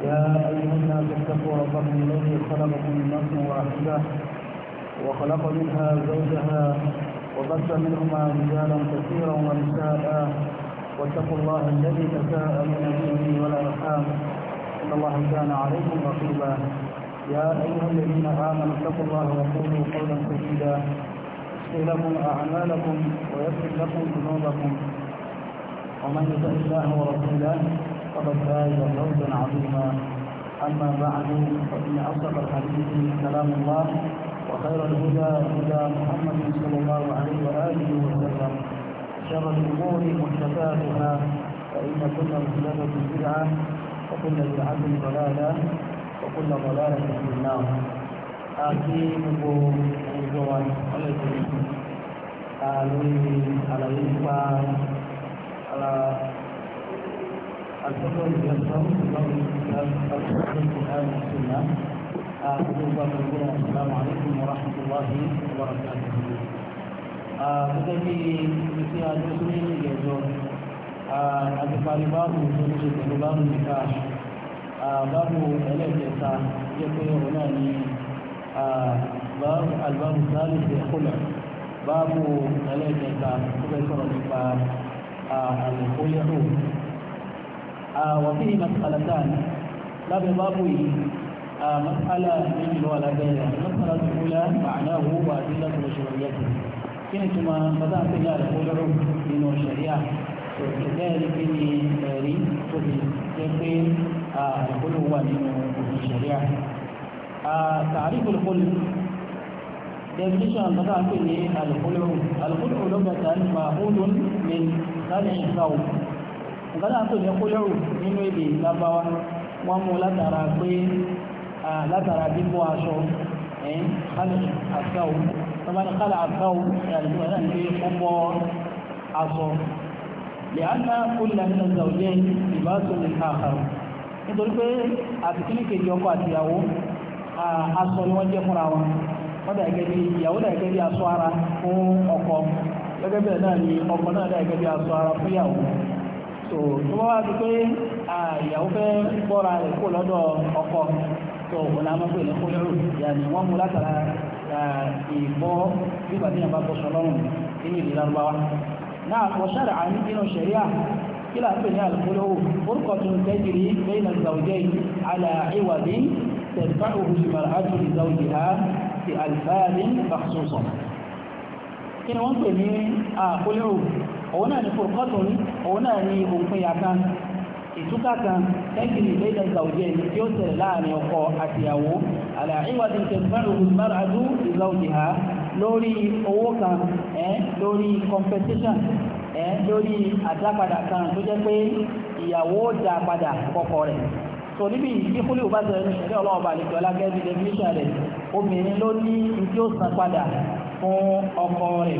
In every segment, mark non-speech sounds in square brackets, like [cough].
يا أيها الناس اتقوا ربكم الذي خلقكم من نفس واحدة وخلق منها زوجها وبث منهما رجالا كثيرا ونساء واتقوا الله الذي تساءلون به ولا أرحام إن الله كان عليكم رقيبا يا أيها الذين آمنوا اتقوا الله وقولوا قولا سديدا يغفر لكم أعمالكم ويغفر لكم ذنوبكم ومن يطع الله ورسوله فقد فاز فوزا عظيما أما بعد فإن أصدق الحديث كلام الله وخير الهدى هدى محمد صلى الله عليه وآله وسلم شر الأمور محدثاتها فإن كل محدثة بدعة وكل بدعة ضلالة وكل ضلالة في النار أكيمكم الجوال عليكم الحضور والصوم قبل الكتاب القرآن والسنة السلام عليكم ورحمة الله وبركاته gẹ́gẹ́ bí ibi tí a dúró ní ilé ẹjọ́ àti parí báàbù tó ń ṣe pẹ̀lú báàbù nìka báàbù ẹlẹ́ẹ̀kẹta jẹ́ pé òun náà ni báàbù albáàbù sáàlì ṣe kúlẹ̀ báàbù ẹlẹ́ẹ̀kẹta tó fẹ́ sọ̀rọ̀ nípa àlùkóyẹ̀rù آه، وفيه مسألتان لا بضابه آه، مسألة من الولدين المسألة الأولى معناه وأدلة كنا كما بدأت إلى الخلع من الشريعة وكذلك في وفي تقين هو من الشريعة آه، تعريف الخلو أن بدأت إلى الخلع الخلع لغة مأخوذ من خلع الثوب ìgbádà tó ní kólẹ́rù nínú èdè lábáwá wọ́n mú látara pé látara bíbọ́ aṣọ ẹ̀yìn kálí àtàwù tọ́ba ní kálí àtàwù ìyàlùmọ́ náà ní pé ó bọ́ aṣọ lè á ná kólẹ́rù nínú ìzàwùjẹ́ ìbáṣọ lè ká àkàrà nítorí pé àtìkíní kejì ọkọ àtìyàwó aṣọ ni wọ́n jẹ́ fúnra wọn wọ́n dà bí ìyàwó dà bí aṣọ ara fún ọkọ gẹ́gẹ́ bẹ́ẹ̀ náà ni ọkọ náà dà bí aṣọ ara fún ìyàwó tó tó bá wá di pé ìyàwó fẹ́ bọ́ra rẹ̀ kó lọ́dọ̀ ọkọ tó wọn la máa ń pè ní kólérò yàní wọ́n mú látara ìbọ́ nígbà tí yàrá bọ́ sọlọ́run nínú ìlú pè ní àkólérò òun náà ní fòrùkọ́tùnrin òun náà ní òǹpinya kan ìtúkà kan tẹ́kì ní ìlẹ́dà ìzàwùjẹ́ ni tí ó tẹ̀lé láàrin ọkọ àtìyàwó àlàáhíwájú tẹ̀síwájú olùmọ́ràdú ìzàwùjìhá lórí owó kan ẹ́ lori compensation kan so bá tẹ̀lé ní definition rẹ̀ obìnrin ló ní ìdí ó padà fún ọkọ rẹ̀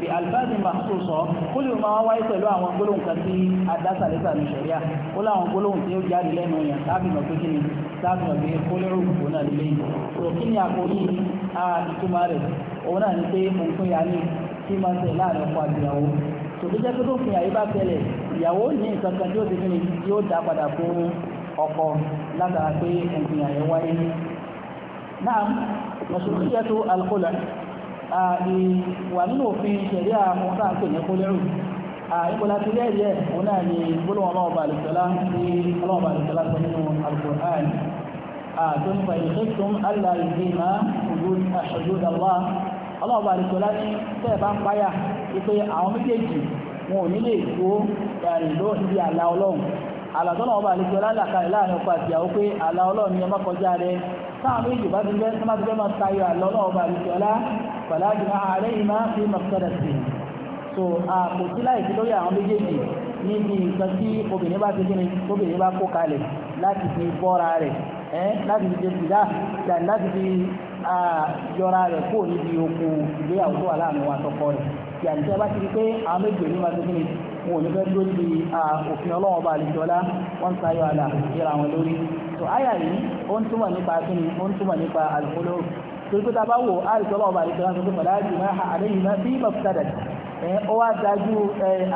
bí alifáàsì màkútó sọ kó lè máa wáyé pẹ̀lú àwọn gbólóhùn kan tí adásàlẹ́sà ní sẹ̀ríà ó láwọn gbólóhùn tí ó jáde lẹ́nu yẹn tábì mọ̀ pé kíni tábì mọ̀ pé kólérò òkú náà lè yìí tó kí ni àkórí ìtumọ̀ rẹ̀ òun náà ni pé òǹkún ya ní kí máa tẹ̀ láàrin ọkọ àgbéyàwó tòbí jẹ́ pé tó fi àyè ìyàwó ní nǹkan kan tí ó ti kíni yóò ìwà nínú òfin ṣẹ̀ríà mú káàkiri ní kólẹ́rù ìpòlá ti rẹ̀ yẹ òun náà ni gbólóhùn ọlọ́ọ̀bà àlùsọ́lá ní ọlọ́ọ̀bà àlùsọ́lá sọ nínú Al-Qur'an tó ń fa ìṣẹ́tún aláìsí máa ṣojú àlá ọlọ́ọ̀bà àlùsọ́lá ní tẹ́ẹ̀ bá ń páyà wípé àwọn méjèèjì wọn ò ní lè tó yàrá ìlú níbi àlá ọlọ́run àlàtọ́nà ọba àlejò lálàkalẹ̀ láàrin ọkọ àti ìyàwó pé àlá ọlọ́run ni ẹ má kọjá rẹ táwọn méjì bá ti fẹ́ máa ta ayọ̀ àlọ́ ọba àlejò fàlá jùlọ ààrẹ ìmá fi mọ̀kọ́dà sí i so àpò sí láìsí lórí àwọn méjèèjì níbi nǹkan tí obìnrin bá ti gbìnrin obìnrin bá kó kalẹ̀ láti fi bọ́ra rẹ̀ ẹ́ láti fi jẹ́bi dá láti fi yọra rẹ̀ kó níbi oko ìgbéyàwó tó wà láàrin wa tọkọ rẹ̀ kí àdìsẹ́ bá ti rí pé àwọn méjèèjì bá ti gbìnrin wọn ò ní fẹ́ dúró di òfin ọlọ́wọ́n bá àlejòọ́lá wọ́n ń tayọ àlà ìra wọn lórí so àyà yìí ó ń túmọ̀ nípa kíni ó ń túmọ̀ nípa àlùkò torí pé tá a bá wò àìsàn ọlọ́ọ̀bà àti ìṣẹ́lá tuntun pẹ̀lú àìsàn máa ha àlẹ́ yìí máa bí mọ̀fútàdà ẹ̀ ọ wá dájú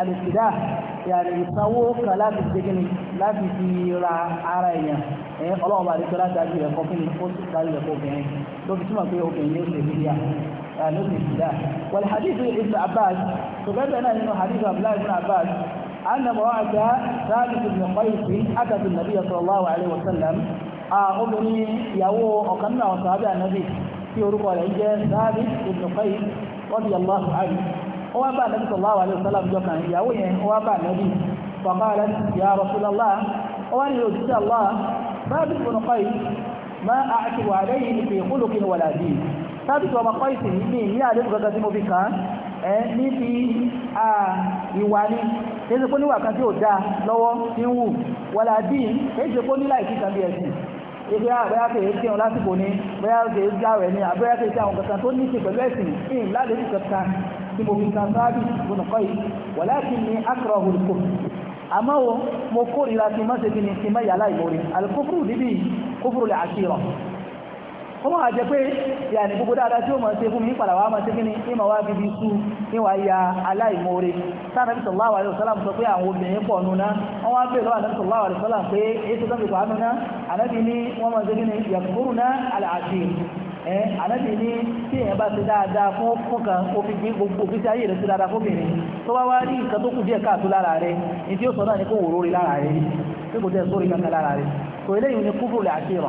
àlèsìdá yàrá ìsanwó kan láti ṣe kí ni láti fi ra ara èèyàn ẹ̀ ọlọ́ọ̀bà àti ìṣẹ́lá dájú rẹ̀ kọ́ kí ni ó sì dájú rẹ̀ obìnrin ló fi túmọ̀ pé obìnrin yóò ṣe bíyà àlèsìdá wàlẹ̀ hadith ibn abbas tó bẹ́ẹ̀ náà nínú hadith ibn abbas أن مرأة ثابت بن قيس أتت النبي صلى الله عليه وسلم أغني يوو أقنع صحابة النبي tí orúkọ rẹ̀ jẹ́ sáàbì ibn Qais radiyallahu anhu ó wá bá ànábì sallallahu alaihi wasallam jọ kan ìyàwó yẹn ó wá bá ànábì fa qalat ya Rasulullah ó wá nílò òjijì allah sáàbì ibn Qais ma a'tibu alayhi fi khuluqin wala din sáàbì tó ọmọ Qais ní ní ní àdébù kankan tí mo fi kàn ẹ ìgbé àbẹ́yà kèé kí wọn lásìkò ní bẹ́yà kèé jáwẹ̀ ní àbẹ́yà kèé sí àwọn kankan tó ní ṣe pẹ̀lú ẹ̀sìn ìhìn ládèjì kankan tí mo fi kan sáábì gbọ̀nàkọ́ yìí walakin ni akrahu al-kufr àmọ́ o mo kórìíra ti má ṣe kí ni ti má yàrá ìmòrè al-kufru níbi kufru al-ashira ó máa jẹ pé yàní gbogbo dáadáa tí ó máa ṣe fún mi padà wá máa ṣe kí ni ìmọ̀ wá bíbí sú níwà ya aláìmoore sáàbí sallallahu alaihi wasallam sọ pé àwọn obìnrin pọ̀ nuna wọ́n wá bèèrè lọ́wọ́ sallallahu alaihi wasallam pé èsì tó fi pa nuna ànábì ní wọ́n máa ṣe kí ni yàkúrú ná àlàáfíì ẹ̀ ànábì ní tí èèyàn bá ṣe dáadáa fún fún kan òfin gbé gbogbo òfin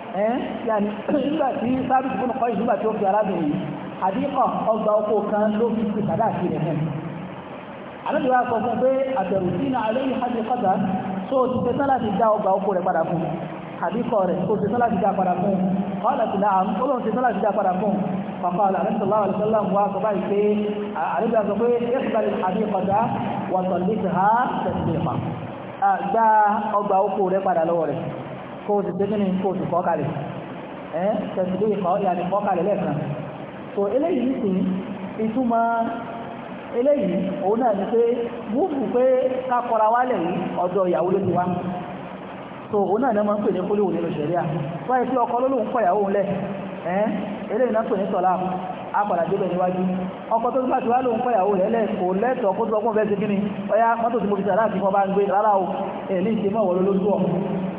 ẹ́n yàní nígbà tí sábìtì fún ọkọ̀ ìṣúgbà tí ó fi arábìnrin yìí àdíkọ̀ ọgbà oko kan ló fi ti sàdá àti rẹ̀ fún àlejò wa sọ fún pé àbẹ̀rù sí iná àlẹ́yìn hajj kọ́ta tó o ti fẹ́ sálà ti dá ọgbà oko rẹ̀ padà fún àdíkọ̀ rẹ̀ tó o ti sálà ti dá padà fún kọ́lá ti náà ó lóun ti sálà ti dá padà fún pàpà àlẹ́ sọ̀lá àlẹ́ sọ kó o sì pé kíni kó o sì kọ́ ẹ́ tẹ̀sídé ìkọ́ ìyàtì kọ́ lẹ́ẹ̀kan so eléyìí ní sìn ìtumọ̀ eléyìí òun náà pé pé ká kọra wálẹ̀ yìí ọ̀dọ̀ ìyàwó ló ti wá so òun náà ń pè ní wọ́n yẹ kí ọkọ kọ ìyàwó ẹ́ eléyìí náà pè ní sọ̀lá apàdà débẹ̀ níwájú ọkọ tó tí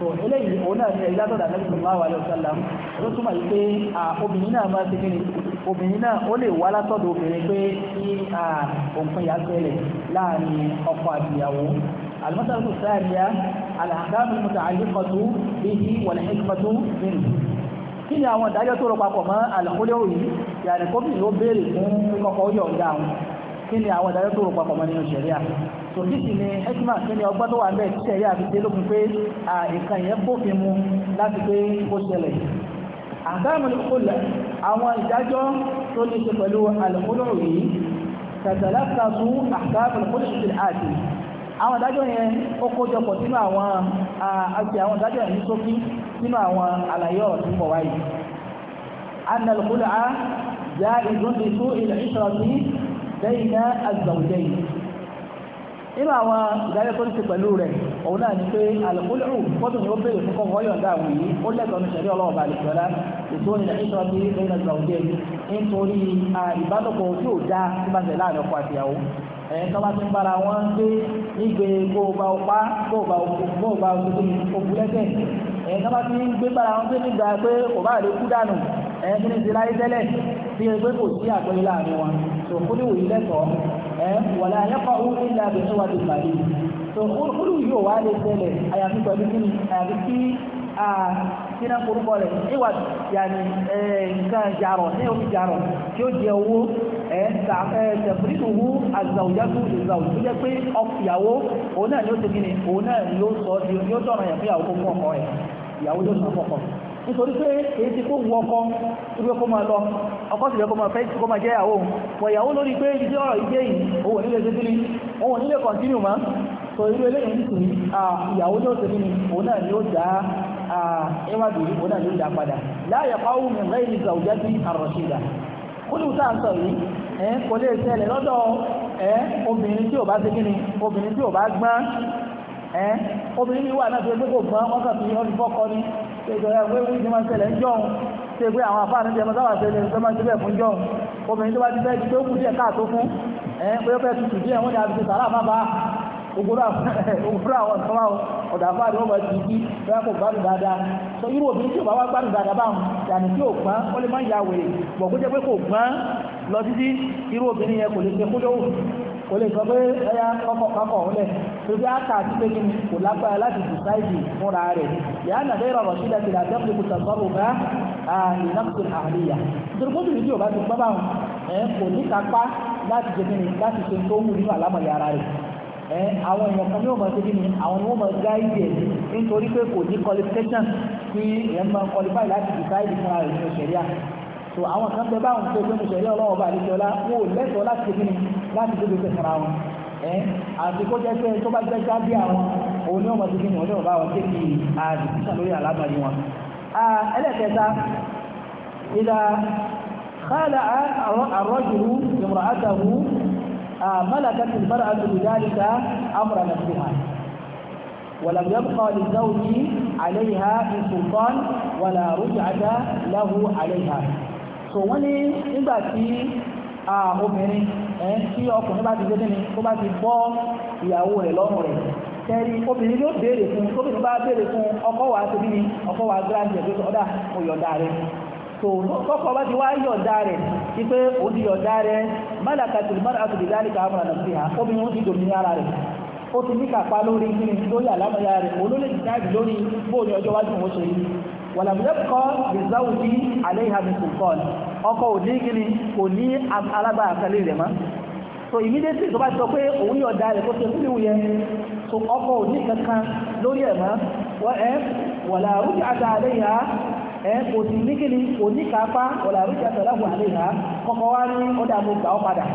so eléyìí òun náà ní ẹ̀yà tọ́dà nẹ́bí sallallahu alaihi wasallam ló túmọ̀ yìí pé obìnrin náà máa ti kí ni obìnrin náà ó lè wá látọ̀dọ̀ obìnrin pé kí òǹkan yà ṣẹlẹ̀ láàrin ọkọ àtìyàwó alimọ́sálùkù sáàríyá alàkáàmù muta'alliqatu bihi wal hikmatu minhu kí ni àwọn ìdájọ́ tó rọ papọ̀ mọ́ àlàkólé òyìn yàrá kóbìnrin ó béèrè fún kíkọ́kọ́ ó àwọn kí ni àwọn ìdájọ́ tó rò papọ̀ mọ́ nínú ṣẹ̀ríà tó dídì ni hekima kí ni ọgbọ́n tó wà bẹ́ẹ̀ tí ṣẹ̀ríà fi dé lókun pé nǹkan yẹn bófin mu láti pé ó ṣẹlẹ̀ àdáàmù ìkólẹ̀ àwọn ìdájọ́ tó ní ṣe pẹ̀lú àlùkúlùrù yìí tàtàlátà fún àdáàmù ìkólẹ̀ ìṣẹ̀lẹ̀ àti àwọn ìdájọ́ yẹn ó kójọpọ̀ sínú àwọn àti àwọn ìdájọ́ yẹn ní ṣókí sínú àwọn àlàyé ọ̀rọ̀ tó ń bọ̀ wáyé. annalkula'a ja'izun bi su'il 'ishrati lẹ́yìn náà azàwùjẹ́ yìí nínú àwọn ìdájọ́ tó ń ṣe pẹ̀lú rẹ̀ òun náà ni pé àlùkùlù fọ́tò ni ó béèrè fún kọ́kọ́ yọ̀ǹda àwọn yìí ó lẹ́tọ̀ọ́ ní sẹ̀rí ọlọ́ọ̀bà àlùkọ́lá ètò ìlà ìṣọ́ bí lẹ́yìn azàwùjẹ́ yìí nítorí ìbálòpọ̀ tí ò dá tí bá ń tẹ̀ láàrin ọkọ àtìyàwó ẹ̀yìn tó bá ti ń bára wọn gbé nígbè gbóògbà ọpá gbóògbà gbóògbà òkúlẹ́sẹ̀ ẹ̀yìn tó bá ti ń gbé bára wọn gbé nígbà pé kò bá rè kú dànù ẹ̀yìn tó ní ti láyé tẹ́lẹ̀ tí ẹ pé kò sí àpẹẹrẹ láàrin wọn tó kúlùú yìí lẹ́tọ̀ọ́ ẹ wàlá ayẹ́kọ̀ òun ilẹ̀ abẹ́rẹ́ wà lè pàdé tó kúlùú yìí ò wá lè tẹ́lẹ̀ àyàfi pẹ̀lú kí ni àyàfi kí kíná korúkọ rẹ̀ ìwà yàní nǹkan jàrọ̀ ní omi jàrọ̀ tí ó jẹ owó tẹ̀fúrínùwú àzàwùjájú ìzàwù tó jẹ́ pé ìyàwó òun náà ni ó ti kí ni òun náà ni ó sọ ọ́ di ó tọ̀rọ̀ yẹ̀ fún ìyàwó tó fún ọkọ rẹ̀ ìyàwó yóò sọ fún ọkọ rẹ̀ nítorí pé èyí ti kó wù ọkọ ìwé kó máa lọ ọkọ sì lẹ́kọ́ máa fẹ́ kó máa jẹ́ ìyàwó wọ̀ ìyàwó lórí pé ibi ọ̀rọ̀ ìgbé yìí òun nílé ṣe kíni òun nílé continue mọ́ so irú eléyìí ń sìn ìyàwó ní òṣèlú ni òun náà ni ó dá ẹwàdì òun náà ni ó dá padà láàyè pàwọ́ mi rẹ́ ìlú gàùjá sí àròṣìdà kúlù tá à ń sọ yìí ẹ̀ kò lè ṣẹlẹ̀ lọ́dọ̀ ẹ̀ obìnrin tí ò bá ṣe kíni obìnrin tí ò bá gbọ́n ẹ̀ obìnrin mi wà náà tó gbé kò gbọ́n wọ́n kàn fi ọ́ ṣe ìjọba ìwé ìwé ìjọba ìṣẹ̀lẹ̀ ń jọun ṣe pé àwọn afáàní ti ẹmọ sábà ṣe lè ṣe máa ṣe bẹ́ẹ̀ fún jọun obìnrin tó bá ti fẹ́ ti tó kù díẹ̀ káàtó fún ẹ̀ pé ó fẹ́ tutù díẹ̀ wọ́n ní àbíṣe sàrà bàbá ògbóró àwọn ọ̀sán wa ọ̀dà fáàrí wọn bọ̀ ti kí bẹ́ẹ̀ kò gbádùn dáadáa sọ irú obìnrin tí ò bá wá gbádùn dáadáa báwọn yàní tí ò gbọ́n kò lè sọ pé ẹyà kọ́kọ́ kọ́kọ́ ọ̀hún lẹ̀ torí àkà àti pé kí ni kò lágbára láti dìsáìdì fúnra rẹ̀ yàrá nàbẹ́ ìrọ̀rọ̀ sílẹ̀ ti dàbẹ́ kó kùtà sọ́rọ̀ bá ìnáfíìsì àríyá nítorí kó tìrìbí ò bá ti gbọ́bà wọn ẹ kò ní kápá láti jẹ kíni láti ṣe tó wù nínú àlámọ̀lẹ̀ ara rẹ̀ ẹ àwọn èèyàn kan ní òmò ṣe kíni àwọn ni wọ́n mọ̀ gáìdì ẹ̀ nítorí pé kò ní qualification tí èèyàn máa qualify láti dìsáìdì fúnra rẹ̀ nínú ṣẹ̀ríà so àwọn kan bẹ báwọn tó gbé nínú ṣẹ̀ríà ọlọ́wọ́ bá àdéjọ́lá wọn ò lẹ́tọ̀ọ́ láti ṣe kíni láti tó gbèsè fara wọn ẹ àti kó jẹ́ pé tó bá jẹ́ gábí àwọn òun ní ọmọ tó kí ni òun ní ọba wọn kéèkì àdìsíṣà lórí àlámàrí wọn. ẹlẹ́kẹta ìdá kálá àrọ́jùrú ìmọ̀ràn àtàwù ملكت المرأة بذلك أمر نفسها ولم يبقى للزوج عليها من سلطان ولا رجعة له عليها so wọ́n ní nígbà tí obìnrin ẹ̀ tí ọkùnrin bá ti gbé nínú tó bá ti bọ́ ìyàwó rẹ̀ lọ́rùn rẹ̀ tẹ́rí obìnrin yóò béèrè fún obìnrin bá béèrè fún ọkọ wa ti bí ni ọkọ wa gíráǹdì ẹ̀ pé ọ̀dà mo yọ̀ǹda rẹ̀ tó tọ́kọ bá ti wá yọ̀ǹda rẹ̀ sí pé ó ti yọ̀ǹda rẹ̀ málàkàtì mọ́ra àti ìdálẹ́ kà á mọ̀ràn sí ha obìnrin ó ti dòmìnira ara rẹ̀ ó ti lórí kí ni lórí àlámọ̀yá rẹ̀ olólè wàlàmúlẹ́kọ́ ìzáwùdí aléhàmì kùkọ́ọ̀lù ọkọ òní gíní kò ní alágbára àkàlẹ̀ rẹ̀ mọ́ so immediately tó bá sọ pé òun yọ̀ dá rẹ̀ kó ṣe fún ìwúyẹ so ọkọ òní kankan lórí ẹ̀ mọ́ wọ́n ẹ́ wàlàrúkì àtà àléhà ẹ́ kò sí ní gíní òní kápá wàlàrúkì àtà àléhà kọ́kọ́ wá ní ó dà mo gbà ó padà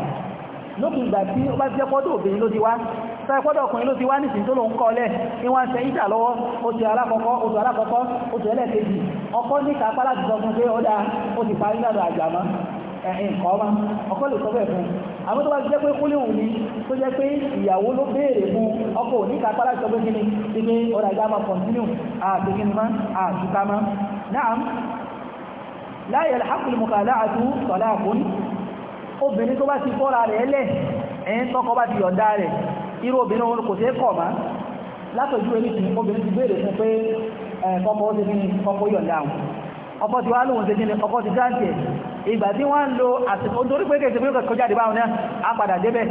lókùn ìgbà tí ó bá jẹ́ sẹ́pọ́dọ̀ ọkùnrin ló ti wá nìsìn tó lòun kọlẹ̀ ní wọ́n ṣe ìjà lọ́wọ́ oṣù alákọ̀ọ́kọ́ oṣù alákọ̀ọ́kọ́ oṣù ẹlẹ́ẹ̀kejì ọkọ ní kápá láti sọ fún pé ó dáa ó ti parí lọ́dọ̀ àjàmọ́ ẹ̀hìn kọ́ ọmọ ọkọ lè sọ bẹ́ẹ̀ fún àmọ́ tó bá jẹ́ pé kúlé òun ni tó jẹ́ pé ìyàwó ló béèrè fún ọkọ òní kápá láti sọ pé kí ni ti pé ọ̀dà ìjà máa kọ̀ntínú àti kí ni má àtúkà má náà láyé alhàkùnrin mọ̀kànlá àti tọ́lá àkún obìnrin tó bá ti fọ́ra rẹ̀ lẹ̀ ẹ̀yìn tọ́kọ bá ti yọ̀ǹda rẹ̀ irú obìnrin òun kò sí kọ̀ má látọ̀jú ẹni tí obìnrin ti béèrè fún pé ọkọ̀ ó ti ní ọkọ̀ yọ̀ǹda àwọn ọkọ̀ ti wá lóhun ṣe kíni ọkọ̀ ti dáǹtẹ̀ ìgbà tí wọ́n ń lo àsìkò torí pé kèsì pé kò jáde báwọn náà á padà débẹ̀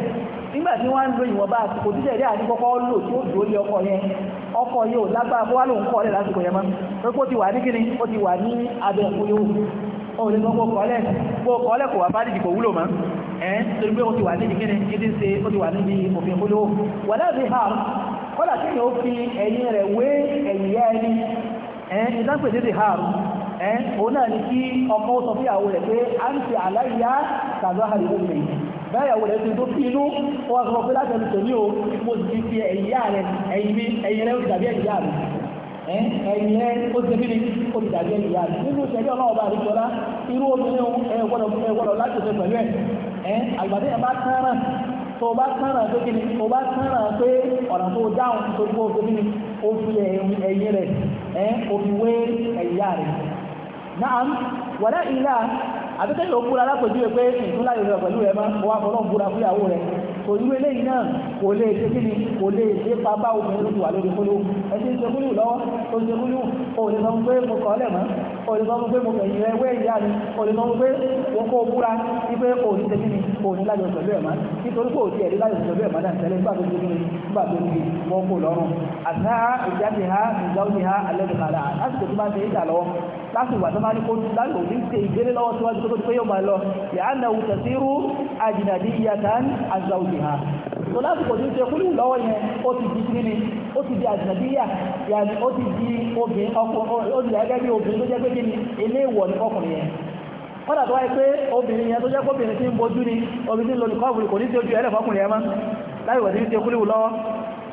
nígbà tí wọ́n ń lo ìwọ̀nba àsìkò tí ṣẹ̀dá àti kọ́kọ́ lò tí ó dúró lé ọkọ̀ yẹn ọkọ̀ yóò lágbára kó wá lóhun kọ́ ọ̀lẹ̀ lásìkò yẹn mọ́ pé kó ti wà ní kíni ó ti wà ní abẹ́ òkú yóò ó lè gbọ́ kọ́ ọ̀lẹ̀ kó wà bá dìbò wúlò mọ́ ẹ́ torí pé ó ti wà níbi kíni kí ti ń ṣe ó ti wà níbi òfin olówó wà láti ha kọ́lá kí ni ó fi ẹ̀yìn rẹ̀ wé ẹ̀yìn yá ẹni ẹ́ ìdáǹpẹ̀ tètè ha ẹ́ òun náà ni kí ọkọ sọ fún ìyàwó rẹ̀ pé a ń ṣe àláyá tàbá ha ìlú mi báyàwó rẹ̀ ti tó fi inú ó wà sọ pé láti ẹnu tòní o mo sì fi ẹ̀yìn yá rẹ̀ ẹ̀yìn mi ẹ̀yìn rẹ̀ ó ti dàbí ẹ̀yìn yá rẹ̀ ẹ̀yìn ẹ̀ ó ti bí ní olùdàbí ẹ̀yìn yá rẹ̀ nínú ìṣẹ̀lẹ̀ ọlọ́ọ̀bá àdìsọ́lá irú obìnrin ẹ̀wọ̀dọ̀ láti ṣe pẹ̀lú ẹ̀ ẹ́ àgbàdo ẹ̀ bá káràn tó o bá káràn pé kíni o bá káràn pé ọ̀nà tó dáhùn tó kó o fi kíni o fi ẹ̀yìn rẹ̀ ẹ́ o fi wé ẹ̀yà rẹ̀ náà wọ̀lá ìlà àbíkẹ́ yóò búra lápòjúwe pé ìtúlá yóò rẹ̀ pẹ̀lú ẹ̀ máa ń wá fọlọ́ búra fúyàwó rẹ̀ kò ní eléyìí náà kò lè ṣe kí ni kò lè ṣe pa bá obìnrin lóṣù wà lórí kúlù ẹ ti ń ṣe kúlù lọ́wọ́ ó ń ṣe kúlù ó lè sọ pé mo kọ́ lẹ̀ mọ́ ọ̀lẹ́sọ́mú pé mo bẹ̀yìn ẹwẹ́ ìyá ni ọ̀lẹ́sọ́mú pé wọ́n kó búra wípé òní tẹ́kí ni òní lájọ pẹ̀lú ẹ̀má nítorí pé òní ẹ̀rí lájọ pẹ̀lú ẹ̀má náà tẹ́lẹ̀ nígbà tó ti ní nígbà tó ní wọ́n kó lọ́rùn àtà ìjáde ha ìjáwé ha alẹ́dùkàdà lásìkò tó bá ti ìjà lọ́wọ́ láti tó lásìkò tí ń ṣe kúlù lọ́wọ́ yẹn ó ti di kíni ó ti di àjìnàbíyà yàní ó ti di obìnrin ọkùnrin ó ti di gẹ́gẹ́ obìnrin tó jẹ́ pé kíni eléèwọ̀ ní ọkùnrin yẹn kọ́dà tó wáyé pé obìnrin yẹn tó jẹ́ kóbìnrin tí ń bojú ni obìnrin tí ń kò ní sí ojú ẹlẹ́fọ́kùnrin yẹn mọ́ láì wọ̀ sí ń ṣe kúlù lọ́wọ́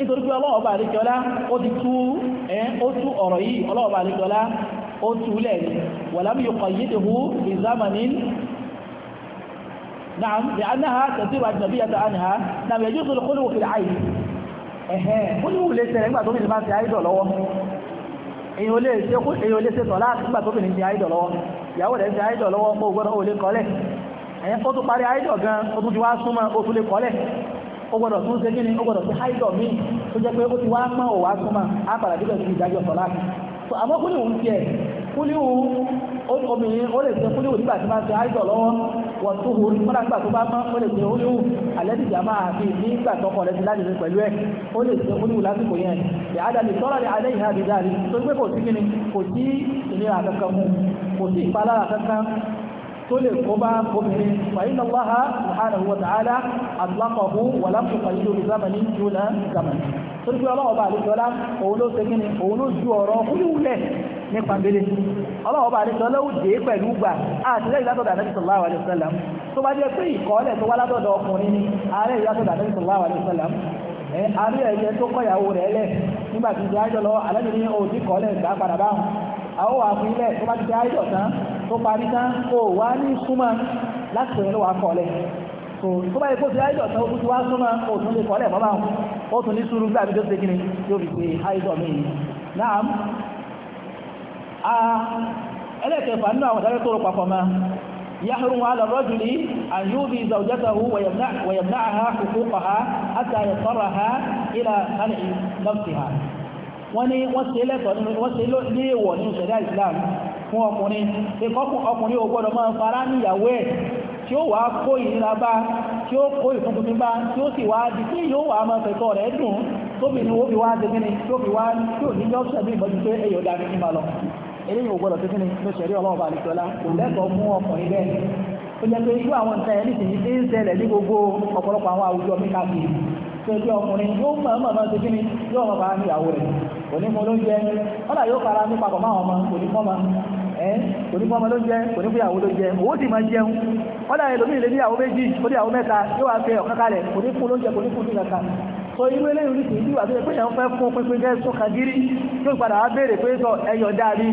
nítorí pé ọlọ́ọ̀bà àríkọlá ó ti tú ó tú ọ̀rọ̀ yìí ọlọ́ọ̀bà àríkọlá ó tú lẹ́ẹ̀ni walam yuqayyiduhu bi zamanin نعم لأنها تسير أجنبية عنها نعم يجوز الخلو العين kúlù lè ṣẹlẹ̀ nígbà tó bìnrin bá ti àìdọ̀ lọ́wọ́ èyàn lè ṣe kú èyàn lè ṣe tọ̀lá nígbà tó bìnrin ti àìdọ̀ lọ́wọ́ parí àìdọ̀ gan ó tún ti wá súnmọ́ ó tún lè kọ́lẹ̀ ó gbọ́dọ̀ tún ṣe kí ni ó gbọ́dọ̀ sí haidọ̀ míì tó jẹ́ pé ó ti wá mọ́ òwá súnmọ́ á padà débẹ̀ sí ìdájọ́ sọ̀lá so àmọ́ kúlì òun tiẹ̀ kúlì òun obìnrin ó lè ṣe kúlì òun nígbà tí máa ṣe haidọ̀ lọ́wọ́ wọ́n tó hù kọ́dà nígbà tó bá mọ́ ó lè ṣe kúlì òun àlẹ́dìjà máa fi nígbà tó kọ̀ lẹ́sìn láti ṣe pẹ̀lú ẹ̀ ó lè ṣe kúlì òun lásìkò yẹn ìhádà lè tọ́lá ní alẹ́ ìhádìjà rí torí pé tó lè kó bá obìnrin fàyínà wáhá subhanahu wa ta'ala àtúlákọ̀ọ́hún wà lápò fàyínà òbí zamani jóná zamani torí pé ọlọ́wọ́ bá àlejòọ́lá òun ló ṣe kíni òun ló ju ọ̀rọ̀ olúwulẹ̀ ní pàmbélé ọlọ́wọ́ bá àlejòọ́lá ó dé pẹ̀lú gbà àtìlẹ́yìn látọ̀dọ̀ ànábì sallallahu alaihi wasallam tó bá jẹ́ pé ìkọ́lẹ̀ tó wá látọ̀dọ̀ ọkùnrin ni ààrẹ tó parí tán kó wá ní súnmọ́ láti pè é lọ́wọ́ akọ̀ọ́lẹ̀ tó bá yẹ kó ti áìdọ̀ tán ó ti wá súnmọ́ ó tún lè kọ́lẹ̀ mọ́bà ó tún ní sùúrù gbàgbé tó ṣe kí ni yóò fi pé áìdọ̀ mi náà a ẹlẹ́kẹ̀ẹ́fà nínú àwọn ìdájọ́ tó rọ papọ̀ mọ́ يحرم على الرجل أن يؤذي زوجته ويمنع ويمنعها حقوقها wọ́n ní wọ́n ṣe lẹ́tọ̀ọ́ nínú wọ́n ṣe ní èèwọ̀ nínú ṣẹ̀dá Islam fún ọkùnrin ẹkọ́kùn ọkùnrin ò gbọ́dọ̀ máa fara ní ìyàwó ẹ̀ tí ó wà kó ìnira bá tí ó kó ìfúnfúnfún bá tí ó sì wá di tí yóò wà máa fẹ̀tọ́ rẹ̀ dùn tóbi ni ó fi wá ṣe kíni tí ó fi wá tí ò ní jọ́ ṣẹ̀bí ìbọ̀jú pé ẹ̀yọ̀ dání ní máa lọ eléyìí ò gbọ́dọ̀ ṣe kíni ló ṣẹ̀rí ọlọ́ọ̀bà àlìṣọ́lá kò lẹ́tọ̀ọ́ fún ọkùnrin bẹ́ẹ̀ ó jẹ́ pé irú àwọn ní gbogbo ọkùnrin yóò mọ̀ ọ́n mọ̀ ọ́n ṣe kíni yóò mọ̀ bá ní ìyàwó rẹ̀ kò ní mọ lóúnjẹ ọ̀là yóò fara ní papọ̀ máa ọmọ kò ní fọ́mọ ẹ́ kò ní fọ́mọ lóúnjẹ kò ní fúyàwó lóúnjẹ owó sì máa jẹun ọ̀là ẹlòmíì lè ní ìyàwó méjì ó ní ìyàwó mẹ́ta yóò wá fẹ́ ọ̀kan kalẹ̀ kò ní fún lóúnjẹ kò ní fún nígbà kan sọ irú eléyìí orí kìí wà tó yẹ pé èèyàn fẹ́ fún pínpín jẹ́ sọ́ka gírí yóò padà wá béèrè pé sọ ẹyọ̀ dáadé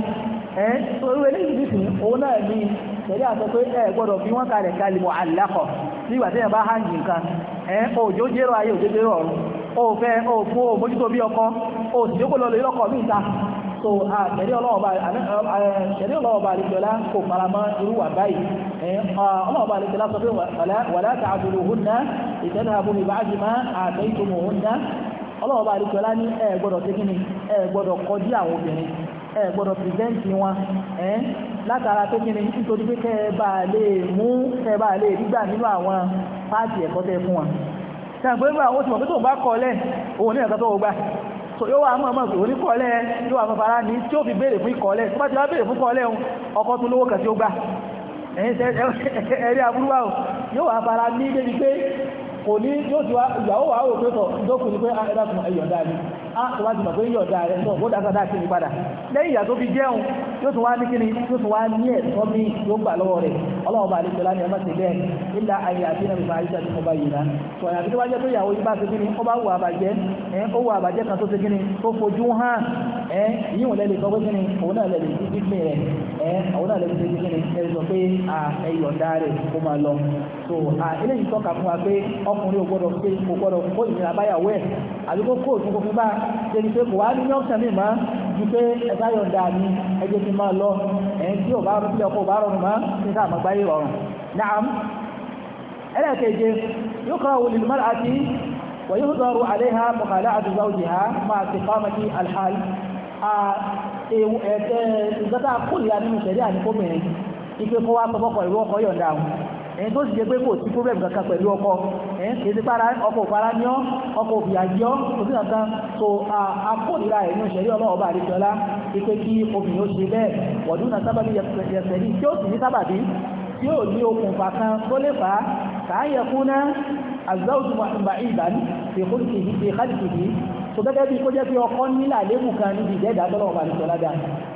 ẹ́ sọ irú eléyìí orí kìí òun náà ní tẹ̀lé àṣọ pé ẹ gbọ́dọ̀ fi wọ́n kalẹ̀ kalẹ̀ mọ̀ àlákọ̀ nígbà tí yẹn bá hàn jì nǹkan ẹ́ òjò jẹ́rọ ayé òjò jẹ́rọ ọ̀run òfẹ́ òfú òmójútó bí ọkọ òsìdókò lọ lè lọ́kọ̀ mí ìta so ṣẹ̀rí ọlọ́ọ̀bà àlejòlá kò faramọ́ irú wà báyìí ọlọ́ọ̀bà àlejòlá sọ pé wàlá tààdùrù húnná ìtẹ́lẹ̀hàbù mi báájì má àtẹ́ìtòmò húnná ọlọ́ọ̀bà àlejòlá ní ẹ gbọ́dọ̀ tí kíni ẹ gbọ́dọ̀ kọjú àwọn obìnrin ẹ gbọ́dọ̀ pìrìsẹ́ǹtì wọn látara tó kíni nítorí pé kẹ́ bá lè mú kẹ́ bá lè rígbà nínú àwọn ṣàgbégbà ó ti mọ̀ pé tó bá kọlẹ̀ òun ní ẹ̀kọ́ tó gbà so yóò wà mọ̀ mọ̀ pé òní kọlẹ̀ yóò wà fara ní tí ó fi béèrè fún ìkọlẹ̀ tó bá ti wá béèrè fún kọlẹ̀ ọkọ̀ tó lówó ẹ̀rí aburú yóò wà fara ní débi pé kò ní yóò ti wá ìyàwó wà ó pé tọ̀ ìdókùn ni pé ah, ẹ̀dá Ah, tó bá ti mọ̀ pé yíyọ̀ dáa rẹ̀ sọ ó dáadáa kí ni padà lẹ́yìn ìyà tó fi jẹun yóò tún wá ní kíni yóò tún wá ní ẹ̀tọ́ mi yóò gbà lọ́wọ́ rẹ̀ ọlọ́run bá àlejò láti ẹ̀mọ́ sí bẹ́ẹ̀ ilà ayé àti ẹ̀mí fún àyíṣà tí mo bá yìí náà sọ̀rọ̀ àti tó bá jẹ́ tó yàwó yìí bá ṣe kíni ó bá wù àbàjẹ́ ẹ̀ ó wù àbàjẹ́ kan tó ṣe kíni tó fojú hàn ẹ̀ yíwọ̀n lẹ́lẹ̀ sọ pé kíni òun náà lẹ́lẹ̀ sí gbígbìn rẹ̀ ẹ̀ òun náà lẹ́lẹ̀ sí kíni lẹ́lẹ̀ sọ pé ẹ̀yọ̀ǹda rẹ̀ kó máa lọ so eléyìí tọ́ka fún wa pé ọkùnrin ò gbọ́dọ̀ pé kò gbọ́dọ̀ kó ìnira báyàwó ẹ̀ àdúgbò kóòtù kò fi bá débi pé kò wá ní ọ́pṣàn mi máa ju pé ẹ̀dá yọ̀ǹda mi ẹgbẹ́ mi máa lọ ẹ̀yìn tí ò bá rọrùn tí ọkọ̀ ò bá rọrùn máa ṣe ká àmọ́ gbáyé rọrùn naam ẹlẹ́ẹ̀keje yóò kọ́ wọlé lùmọ́lá àti wọ́n yóò dọ̀rọ̀ àléhà mọ̀kàlá àti záwùjì ẹ̀yìn tó sì jẹ́ pé kò sí problem kankan pẹ̀lú ọkọ ẹ̀yìn kì para ọkọ òfara ní ọ́ ọkọ òbíà jẹ́ ọ́ kankan so akónira ẹ̀yìn òṣèré ọlọ́ọ̀bá àdéjọlá ipe kí obìnrin ó ṣe bẹ́ẹ̀ wọ̀dún náà sábàbí yẹsẹ̀rí tí ó sì ní sábàbí tí ó ní okùnfà kan tó lè fà á kàáyẹ fún náà àzọ́ọ̀dù màá ìbàní ìkọ́lùkìdì ìkọ́lùkìdì so gẹ́gẹ́ bí kó jẹ́ pé ọkọ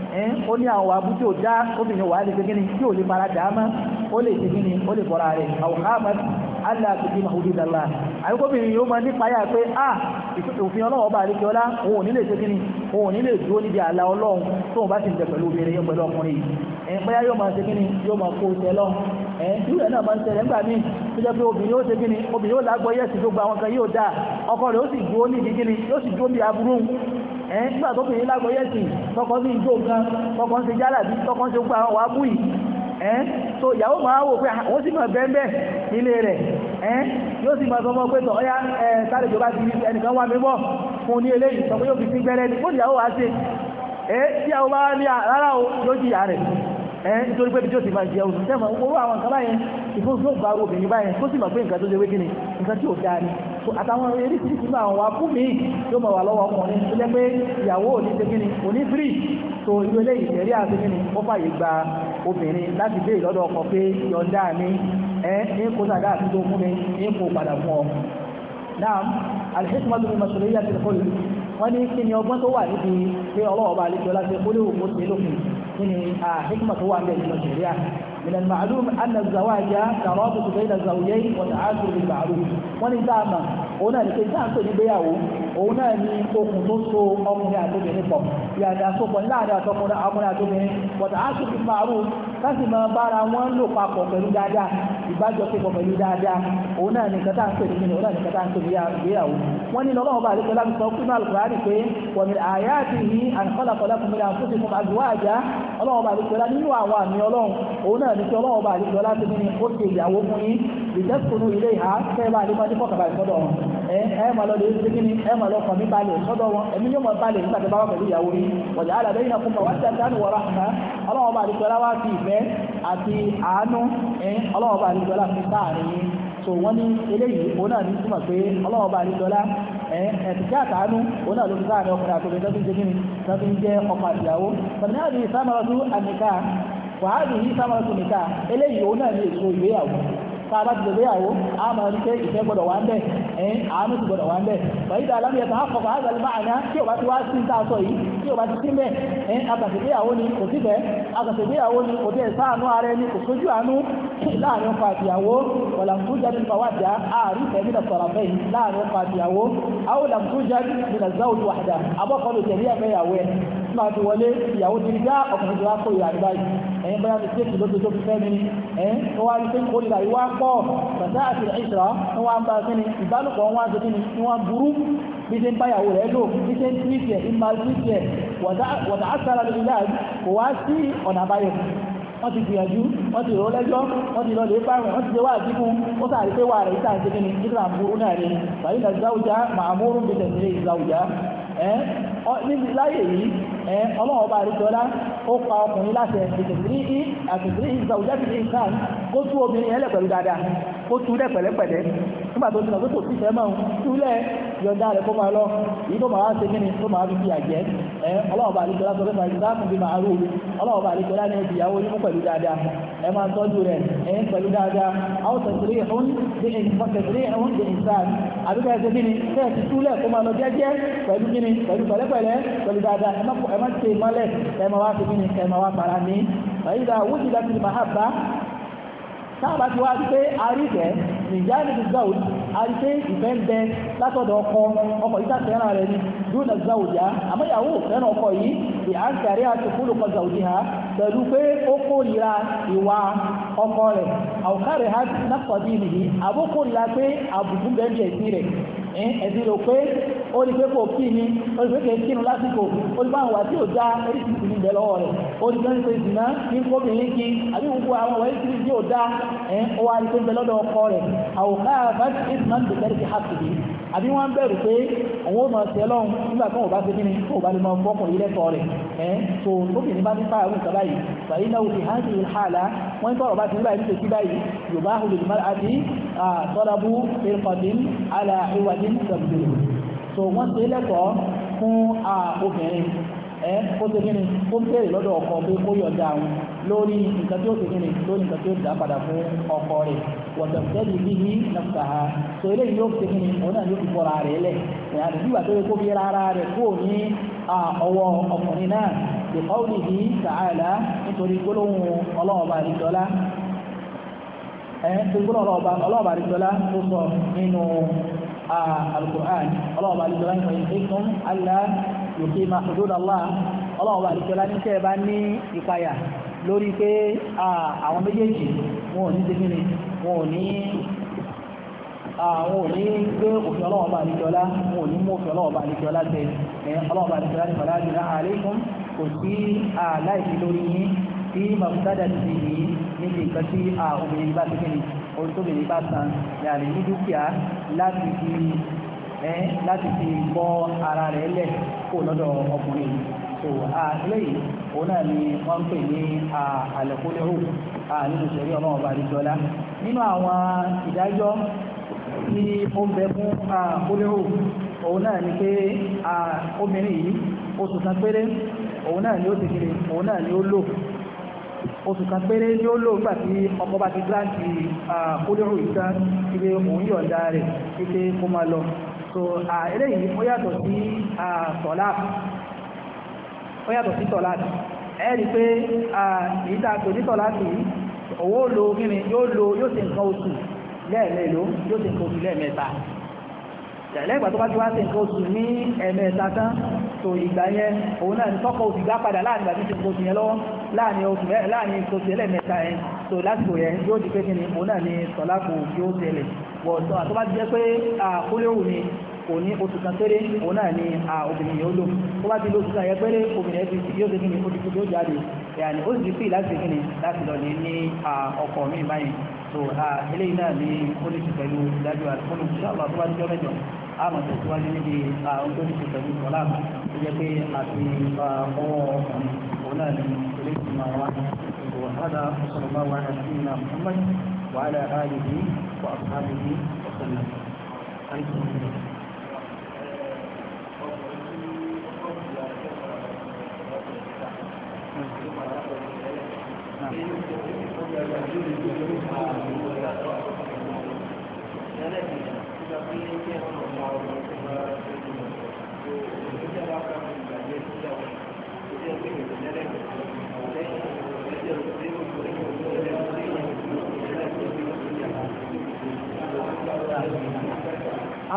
ó ní àwọn àbú tí ó dá obìnrin wà lè gbẹ́gẹ́ni tí ó lè fara dáámá ó lè gbẹ́gẹ́ni ó lè bọ́ra rẹ̀ àwòkámà aláàtúndì mahududala àyíkóbìnrin yóò máa nípa yà pé a òfin ọlọ́wọ́ bá àríkẹ́ ọlá òun ò ní lè gbẹ́gẹ́ni òun ò ní lè dúró níbi àlà ọlọ́run tó bá sì ń jẹ pẹ̀lú obìnrin yóò pẹ̀lú ọkùnrin ẹ̀ bóyá yóò máa ṣe kíni yóò máa kó oṣù àwọn kan yóò dáa ẹ̀ nígbà tó bìnrin lágbọ́yẹ̀sìn tọkọ sí ijó nǹkan tọkọ sí jálàbí tọkọ sí gbogbo àwọn wàábù yìí ẹ́ so ìyàwó máa wò pé àwọn ah, sì mọ̀ bẹ́ẹ̀ nílé rẹ̀ ẹ́ yóò sì mọ̀ sọ pé tọ̀ ọ́yá ẹ̀ sáré ìjọba ti rí ẹnìkan wà mí bọ̀ fún ní eléyìí sọ pé yóò fi sí gbẹ́rẹ́ ní fún ìyàwó wa ṣe ẹ́ tí àwọn bá ní ah, rárá o yóò jìyà rẹ̀ ẹ́ nítorí pé bí yóò ti máa jẹ òṣìṣẹ́ mọ̀ owó àwọn nǹkan báyẹn ìfúnfún obìnrin báyẹn kó sì mọ̀ pé nǹkan tó ṣe wé kí nǹkan tí ò dáa ni àtàwọn oríṣiríṣi náà wà fún mi yóò máa wà lọ́wọ́ ọkùnrin tó jẹ́ pé ìyàwó òní ṣe kíni òní fírì tó irú eléyìí ìṣẹ̀rí àti kíni ó fàyè gba obìnrin láti dé ìlọ́dọ̀ ọkọ pé yọ̀ǹda mi ẹ ní kó sàdá àti tó fún mi ní kó padà fún ọ. náà alhikmatu min mas'uliyatil khuldi wọ́n ní kí ni ọgbọ́n tó wà níbi pé ọlọ́wọ́ bá àlejò láti kólé òkú sí lókun kí ni àhíkùmọ̀ tó wà níbi ìlọ́sẹ̀ríà من المعلوم أن الزواج ترابط بين الزوجين وتعاثر بالمعروف ونتعامل هنا لكي تعطي بيعه òun náà ni okùn tó so ọkùnrin àtòbìnrin pọ̀ ìyàdà sopọ̀ láàrin àtọkùnrin ọkùnrin àtòbìnrin bọ̀dà á sì fi màrú láti máa bára wọn lò papọ̀ pẹ̀lú dáadáa ìbájọpọ̀ pẹ̀lú dáadáa òun náà ni kẹta ń pè ní kíni òun náà ni kẹta ń pè ní ìgbéyàwó wọn ní lọ́wọ́ bá àdékọ́ láti sọ fún Al-Qur'ani pé wa min ayatihi an khalaqa lakum min anfusikum azwaja ọlọ́wọ́ bá àdékọ́ nínú àwọn àmì ọlọ́run ni kí ọlọ́wọ́ bá àdékọ́ ní ó ṣe fún yín ẹ̀ẹ́mà lọ́dọ̀ yóò ṣe ní ẹ̀ẹ́mà lọ kàn mí balẹ̀ sọ́dọ̀ wọn ẹ̀mí yóò mọ̀ balẹ̀ nígbà tí bá wà pẹ̀lú ìyàwó yìí wọ̀jà alàbẹ́ yìí nàkúmọ̀ wọ́n àti àánú wọ̀rọ̀ àná ọlọ́wọ́n bá àdìsọ́lá wá sí ìfẹ́ àti àánú bá fi sáàrin yìí so wọ́n ní eléyìí òun náà ní túmọ̀ pé bá àtàánú òun náà ló fi sáàrin ọkùnrin tó tá a bá ti lè yàwó a máa rí pé ìfẹ́ gbọ́dọ̀ wà ń bẹ̀ ẹ̀yìn àánú ti gbọ́dọ̀ wà ń bẹ̀ bàyí dà lámìyẹ tó àkọ́kọ́ àgbàlè máa ná tí o bá ti wá sí tá a sọ yìí tí o bá ti sí mẹ́ ẹ̀yìn akàṣègbéyàwó ni kò síbẹ̀ akàṣègbéyàwó ni kò dé sáànú ara ẹni kò sójú àánú láàrin ọkọ àtìyàwó ọ̀làmùtújà ní fàwádìá àárín tẹ̀mí lọ sọ̀rọ̀ bẹ́yìn láàrin ọkọ àtìyàwó àwọn ọ̀làmùtújà ní nàzáwò wàdà abọ́kọ̀ọ́lù tẹ̀lé ẹ̀mẹ́yàwó ẹ̀ máa fi wọlé ìyàwó ti dá ọkùnrin tó wá kó ìyá àdúrà yìí ẹ̀yin bóyá ti tẹ́kì lóṣù tó fi fẹ́ mi ni ẹ̀yin tó wá ní pé kó ìlà ìwá pọ̀ bàtà àti ìṣra wọn wá ń bá kí ni ìbálòpọ̀ wọn wá ń ṣe kí ni ni wọn burú bí ṣe ń bá ìyàwó rẹ̀ lò bí ṣe ń tíìtì ẹ̀ ń máa tíìtì ẹ̀ wọ̀dà àṣàrà lórí láàyè kò wá sí ọ̀nà àbáyọ̀ wọ́n ti gbìyànjú wọ́n ti rò lẹ́jọ́ wọ́n ti lọ lè bá wọn wọ́n ti lè wá àdínkù ó sàrí pé wà rẹ̀ ìta àti kíni nígbà burú náà rẹ̀ bàyí lọ záwùjá màmúrú bí tẹ̀sílẹ̀ ìzáwùjá ẹ́ níbi láyé yìí ẹ ọlọ́run ọba àríjọlá ó pa ọkùnrin láti ẹ̀ kó túlẹ̀ pẹ̀lẹ́pẹ̀lẹ́ nígbà tó ti lọ pé kò sí ìfẹ́ máa ń túlẹ̀ yọ̀ǹda rẹ̀ kó máa lọ èyí tó máa wá ṣe kíni tó máa fi fi àjẹ́ ẹ ọlọ́wọ́ bá àlejò lásán fẹ́fà ìdá kùn bí máa rú omi ọlọ́wọ́ bá àlejò láti ẹbí ìyàwó yín pẹ̀lú dáadáa ẹ máa tọ́jú rẹ̀ ẹ ń pẹ̀lú dáadáa àwọn tẹ̀sílẹ̀ ìhún bí tẹ̀sílẹ̀ ìhún bí ìsàn àbí bẹ́ẹ̀ ṣe kíni bẹ́ẹ̀ ti túlẹ̀ kó máa lọ jẹ́jẹ́ pẹ̀lú kíni pẹ̀lú pẹ̀lẹ́pẹ̀lẹ́ pẹ̀lú dáadáa táàbà ti wá rí pé a rí ìfẹ́ nìjà níbi zaud a rí pé ìfẹ́ ń bẹ látọ̀dọ̀ ọkọ ọkọ yìí sàfẹ́ràn rẹ ni yóò na zaud yá àmọ́ ìyàwó fẹ́ràn ọkọ yìí bí à ń kàrí àti fúlùkọ zaud yìí ha pẹ̀lú pé ó kórìíra ìwà ọkọ rẹ̀ àwòkárẹ̀ ha náfọ̀dí nìyí àbó kórìíra pé àbùkù bẹ́ẹ̀ ẹ̀sìn rò pé ó rí pé kò kí ni ó rí pé kò kí ni lásìkò ó rí pé àwọn àti òjá oríṣiríṣi ní ìbẹ̀ lọ́wọ́ rẹ̀ ó rí pé ń ṣe ìdìná ní kóbìnrin kí àbí gbogbo àwọn ọ̀rẹ́ ìṣirí tí ò dá ó wá rí pé ń bẹ lọ́dọ̀ ọkọ rẹ̀ àwòká àbí wọ́n ń bẹ̀rù pé òun ó mọ̀ ṣe lọ́hùn nígbà tó wọ́n bá ṣe kíni tó bá lè mọ fọ́kùnrin lẹ́tọ̀ọ́ rẹ̀ ẹ́ tó tóbìnrin bá ní fáàrù nǹkan báyìí fàyí náà fi hàn sí ìhàlá wọ́n ń tọrọ bá ti ní báyìí nítòsí báyìí yorùbá hùlù ní mara àti tọ́lábù ìrìnkọ̀dín àlà ìwàdín ìjọba so wọ́n ṣe lẹ́tọ̀ọ́ fún obìnrin ẹ kó ṣe kíni kó béèrè lọ́dọ̀ ọkọ pé kó yọ̀ọ̀dà àwọn lórí nǹkan tí ó ṣe kíni lórí nǹkan tí ó dá padà fún ọkọ rẹ̀ wọ̀tẹ̀tẹ̀lì bíi nàfàá tó eléyìí yóò fi kíni òun náà yóò fi bọ̀ra rẹ̀ lẹ̀ ẹ̀yà rẹ̀ nígbà tó yẹ kó fi rárá rẹ̀ kó o ní ọwọ́ ọkùnrin náà ìkọ́wé yìí tààlà nítorí gbólóhùn ọlọ́ọ̀bà àdìjọ́lá ẹ̀ nítorí gbólóhùn ọlọ́ọ̀bà àdìjọ́lá tó sọ nínú alukur'an ọlọ́ọ̀bà àdìjọ́lá ń sọ ìfẹ́kùn alá yòókè máa fòdúdà Allah ọlọ́ọ̀bà àdìjọ́lá ní tẹ́ ẹ bá ní ìpayà lórí pé àwọn méjèèjì wọn ò ní wọn ò ní àwọn ò ní gbé òfin ọlọ́wọ́ bá àdìjọlá wọn ò ní mú òfin ọlọ́wọ́ bá àdìjọlá tẹ ẹ ọlọ́wọ́ bá àdìjọlá ní fàlá àdìjọlá àlékún kò sí àláìsí lórí yín tí màbúdádà ti di yìí níbi nǹkan tí obìnrin bá ti kéde olùtóbìnrin bá san yàrá ní dúkìá láti fi ẹ láti fi bọ́ ara rẹ̀ lẹ̀ kó lọ́dọ̀ ọkùnrin yìí so ah, eléyìí òun náà ni wọ́n pè ní àlẹ́kúnléhù ah, ah, nínú ìṣẹ̀rí ọmọ ọba àdìjọlá nínú àwọn ìdájọ́ tí ó ń bẹ fún àkúnléhù òun náà ni pé obìnrin yìí oṣù kan péré òun náà ni ó ti kiri òun náà ni ó lò oṣù kan péré ni ó lò nígbà tí ọkọ bá ti gíláǹtì àkúnléhù yìí tán ibi òun yọ̀ǹda rẹ̀ títí kó máa lọ so eléyìí ó yàtọ̀ sí tọ́lá ó yàtọ̀ sí tọ̀láàtì ẹ̀rí pé èyí tá a pè ní tọ̀láàtì yìí owó lo lo yóò ṣe nǹkan oṣù lẹ́ẹ̀mẹ́lò yóò ṣe nǹkan oṣù lẹ́ẹ̀mẹ́ta lẹ́gbà tó bá ti wá ṣe nǹkan oṣù ní ẹ̀mẹ́ta tán tó ìgbà yẹn òun láàrin oṣù yẹn láàrin oṣù ẹlẹ́mẹ́ta yẹn tó lásìkò yẹn yóò di pé kíni òun náà ní tọ́láàkù yóò ṣẹlẹ̀ wọ̀ tó bá jẹ́ pé àkólé òun ni kò ní oṣù kan péré òun náà ni a obìnrin yóò lò tó bá ti lóṣù kan yẹ péré obìnrin ẹbí yóò ṣe kíni oṣù tó jáde yàní ó sì fi láti kíni láti lọ ní ọkọ mi báyìí so eléyìí náà ni ó ní ṣe pẹ̀lú ìdájọ́ àtúnú ṣáàlọ́ tó bá ti jọ́ mẹ́jọ àmọ̀ tó wájú níbi ohun tó ní ṣe pẹ̀lú ìfọ̀lá tó jẹ́ pé àti ọwọ́ ọkùnrin òun náà ni eléyìí máa wá وهذا صلى الله على نبينا محمد وعلى آله وأصحابه وسلم.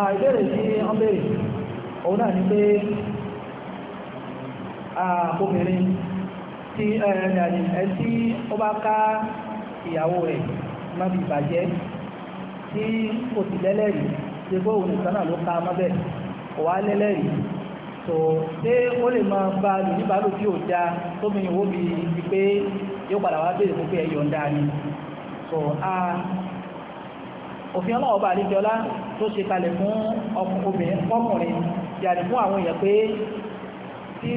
àìbẹ̀rẹ̀ sí ọ́bẹ̀rẹ̀ òun náà ni pé àkóbìnrin tí ẹtí ó bá ká ìyàwó rẹ̀ má fi bàjẹ́ tí kò sì lẹ́lẹ́rìí ṣe pé òun nìkan náà ló ká mọ́bẹ̀ kò wá lẹ́lẹ́rìí tó ṣé ó lè máa bá lò níbàálò tí ò dáa tó mi ìwó mi di pé yóò padà wá béèrè fún pé ẹ yọ̀ǹda ni tó a òfin ọlọ́wọ́ bá àlejòlá tó ṣe kalẹ̀ fún ọkùnrin fọkùnrin yàrá fún àwọn èèyàn pé tí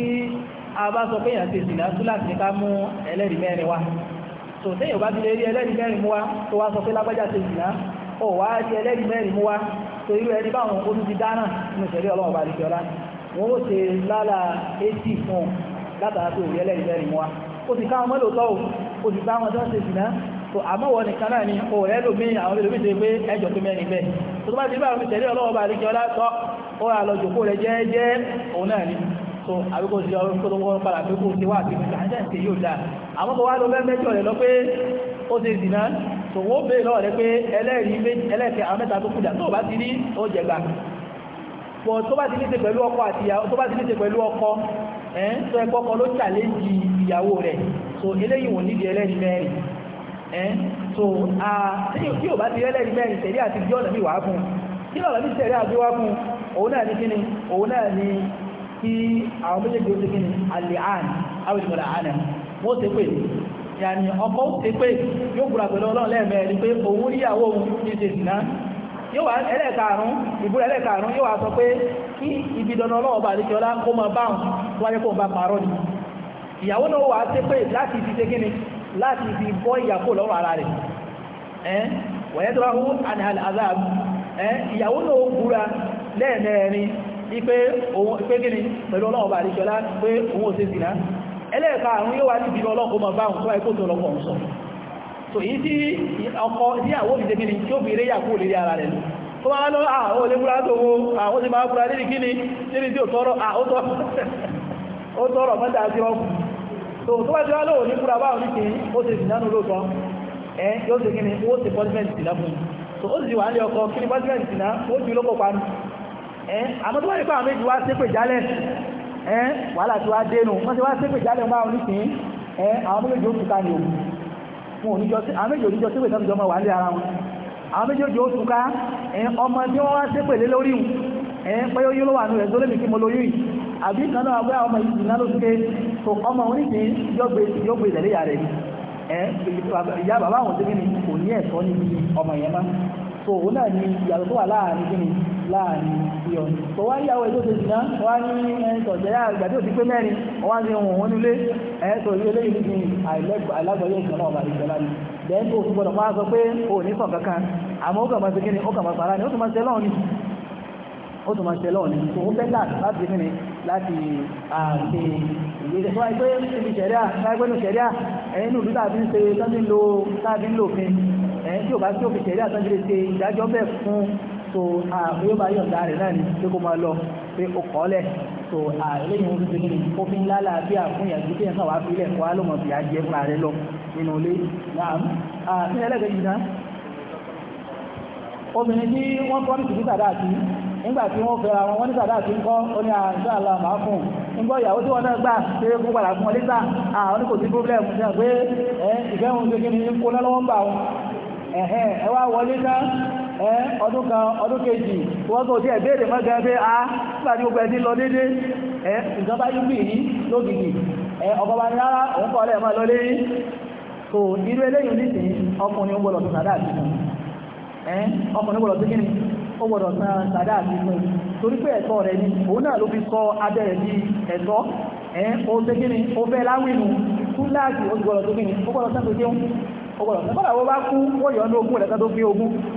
àbá sọ pé èèyàn ti sìnà túláàsì ká mú ẹlẹ́rìí mẹ́rin wá tò téèyàn bá ti lè rí ẹlẹ́rìí mẹ́rin mú wá tó wá sọ pé lágbájá ti sìnà ó wá rí ẹlẹ́rìí mẹ́rin mú wá tó irú ẹni báwọn olú ti dáná nínú ìṣẹ̀lẹ̀ ọlọ́run bá dìkẹ́ ọlá wọn ó ṣe lálà etí fún un látara tó ẹlẹ́rìí mẹ́rin mú wá ó so àmọ́wọ̀ nìkan náà ni o rẹ̀ lómi àwọn olómi ṣe pé ẹjọ́ tó mẹ́rin bẹ́ẹ̀ tó tó bá ti bá àwọn ìṣẹ̀lẹ̀ so àbí kò sí ọrún tó lọ́wọ́ padà pé kò sí wà sí ìgbà ń tẹ̀sí yóò dáa àwọn kò wá lọ bẹ́ẹ̀ mẹ́jọ rẹ̀ lọ pé ó ṣe dìná so wọ́n bèèrè lọ́wọ́ rẹ̀ pé ẹlẹ́rìí ẹlẹ́ẹ̀kẹ́ àwọn mẹ́ta tó kùjà tó bá ti ní ó jẹgbà pọ̀ tó bá ti ní ṣe pẹ̀lú ọkọ àti ìyàwó tó bá ti ní ṣe pẹ̀lú ọkọ ẹ̀ ń sọ ẹ̀kọ́ kan ló challenge ìyàwó rẹ̀ so eléyìí wò nídìí ẹlẹ́rìí mẹ́rin ẹ̀ so a tí ò bá ti ẹlẹ́rìí mẹ́rin tẹ̀lé àti bí ọ̀nà mi wà á fún kí lọ́nà mi tẹ̀lé àbí wá fún òun náà ní kíni òun náà ní kí àwọn méjèèjì ó ti kí ni àlìhàn àwọn ìgbàlá àánà wọ́n ti pè yàní ọkọ ó ti pè yóò gbúra pẹ̀lú ọlọ́run lẹ́ẹ̀mẹ́rin pé òun rí àwọn ohun ti ṣe sì náà yóò wá ẹlẹ́ẹ̀karùn-ún ìbúra ẹlẹ́ẹ̀karùn-ún yóò wá sọ pé kí ibi dandan ọlọ́wọ́ bá àdékẹ́ ọlá kó máa báhùn tó wáyé kó ń bá parọ́ ni ìyàwó náà wà á ṣe pé láti fi ṣe kí ni láti fi bọ́ ìyàkó lọ́rọ̀ ara rẹ̀ ẹ́ wọ̀nyẹ́ tó wá hù àdáhàlà àzáàbù ẹ́ ìyàwó náà ó gbúra lẹ́ẹ̀mẹ́rin wípé òun pé gíní pẹ̀lú ọlọ́run bá àríkẹ́lá pé òun ò sí ìsìnà ẹlẹ́ẹ̀ka àwọn yóò wá ní ìbí ọlọ́run kó mọ̀ bá òun tó ẹkó tó lọ́pọ̀ òun sọ so èyí tí ọkọ tí àwọn òfìsẹ́ gíní tí ó fi eré yà kúrò lérí ara rẹ̀ lọ tó máa lọ àwọn olébúra tó wo àwọn ti máa fura lérí kíni lérí tí ó tọrọ [laughs] ó tọrọ mọ́ta sí ọkù so tó bá ti wá lóòrùn ní fura báwọn ní kíni ìsìnà ó ti punishment ìsìnà ẹ́ àmọ́ tó wá nípa àwọn méjì wá ṣépè jálẹ̀ ẹ́ wàhálà tí wá dénú wọ́n ti wá ṣépè jálẹ̀ bá wọn nísìn ẹ́ àwọn méjì ó túká ni òun àwọn méjì òníjọ ṣépè tó ti jọmọ wà ní ara wọn àwọn méjì òjò ó túká ẹ́ ọmọ tí wọ́n wá ṣépè lé lórí ẹ́ pẹ́yọ́ yóò wà nù rẹ̀ tó lé mi kí mo lóyún yìí àbí kan náà wẹ́ ọmọ yìí jìnnà lóṣùké tó ọmọ oníṣẹ́ yóò gbé ìtẹ̀lé ìyá rẹ̀ ẹ̀ ìyá bàbá àwọn tó kí ni kò ní ẹ̀tọ́ níbi ọmọ yẹn má so òun náà ni ìyàtọ̀ tó wà láàrin kí ni láàrin iye ọ̀nà tó wá yàwó ẹ̀ tó ṣe jìnnà wá ní ẹ̀ńtọ̀ jẹ́yà àgbà tó ti pé mẹ́rin wọ́n wá ní ohun òun nílé ẹ̀ńtọ̀ ilé eléyìí ní àìlágbọ̀yé ìṣẹ̀lẹ̀ ọ̀bà ìṣẹ̀lá ni bẹ́ẹ̀ tó fi gbọ́dọ̀ máa sọ pé o ní sàn kankan àmọ́ ó kàn máa ṣe kí ni ó kàn máa fara ni ó tún máa ṣe lọ́ọ̀ ni ó tún máa ṣe lọ́ọ̀ ni tó ń fẹ́ láti kí ni láti àti ìgbésẹ̀ tó wáyé pé ibi ṣẹ̀ríà láyé pẹ́nu ṣẹ̀ríà ẹ̀yìn ìlú tàbí ń ṣe tọ́jú ń lo tàbí ń lòfin ẹ̀yìn tí ò bá tí ó fi ṣẹ̀ríà tọ́jú lè ṣe ìdájọ́ bẹ́ẹ̀ fún so yóò bá yọ̀ǹda rẹ̀ náà ní pé kó máa lọ pé ó kọ́ lẹ̀ a eléyìí wọn ti ní kó fi ń lálà bí àfún yàtí bí ẹ̀ka wàá fi ilẹ̀ kó alómọ bí a jẹ́ fúnra rẹ̀ lọ nínú ilé náà ní ẹlẹ́gbẹ̀ẹ́ yìí náà obìnrin tí wọ́n tọ́ nítìí sàdá sí nígbà tí wọ́n fẹ́ra wọn wọ́n ní sàdá sí ń kọ́ ó ní àṣà àlọ́ àmà fún un ńgbọ́ ìyàwó tí wọ́n náà gbà pé kó padà fún ọ lẹ́sà àwọn kò sí problem ṣe pé ìfẹ́ òun ṣe kí ni kó lọ́wọ́ ń bà wọn ẹ̀hẹ́ ẹ wá wọlé náà ọdún kan ọdún kejì wọ́n tó tí a ah, nígbà tí gbogbo ẹni lọ dédé ìjọba yúgbì yìí lógìgì ọgbọ́ba ní rárá ah, òun kọ́ lọ lérí irú ọkùnrin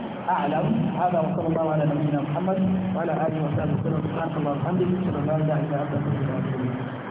أعلم هذا وصلى الله على نبينا محمد وعلى آله وصحبه وسلم سبحانك اللهم وبحمدك أشهد أن لا إله إلا أنت أستغفرك وأتوب إليك